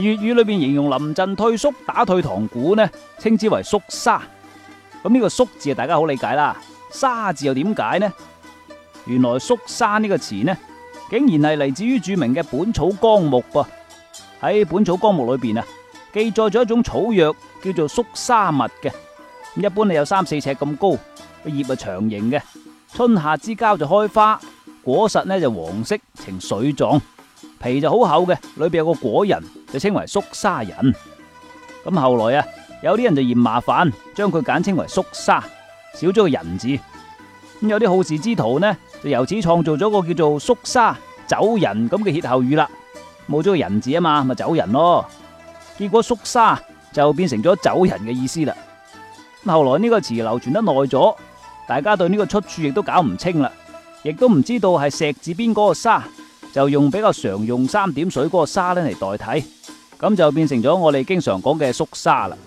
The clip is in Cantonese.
粵語裏邊形容臨陣退縮、打退堂鼓呢，稱之為縮沙。咁呢個縮字啊，大家好理解啦。沙字又點解呢？原來縮沙呢個詞呢，竟然係嚟自於著名嘅《本草綱目》噃。喺《本草綱目》裏邊啊，記載咗一種草藥叫做縮沙蜜嘅。一般你有三四尺咁高，個葉啊長形嘅，春夏之交就開花，果實呢就黃色，呈水狀。皮就好厚嘅，裏邊有個果仁，就稱為縮沙仁。咁後來啊，有啲人就嫌麻煩，將佢簡稱為縮沙，少咗個仁字。咁有啲好事之徒呢，就由此創造咗個叫做縮沙走人咁嘅歇後語啦，冇咗個仁字啊嘛，咪走人咯。結果縮沙就變成咗走人嘅意思啦。咁後來呢個詞流傳得耐咗，大家對呢個出處亦都搞唔清啦，亦都唔知道係石字邊嗰個沙。就用比較常用三點水嗰個沙呢，嚟代替，噉就變成咗我哋經常講嘅縮沙啦。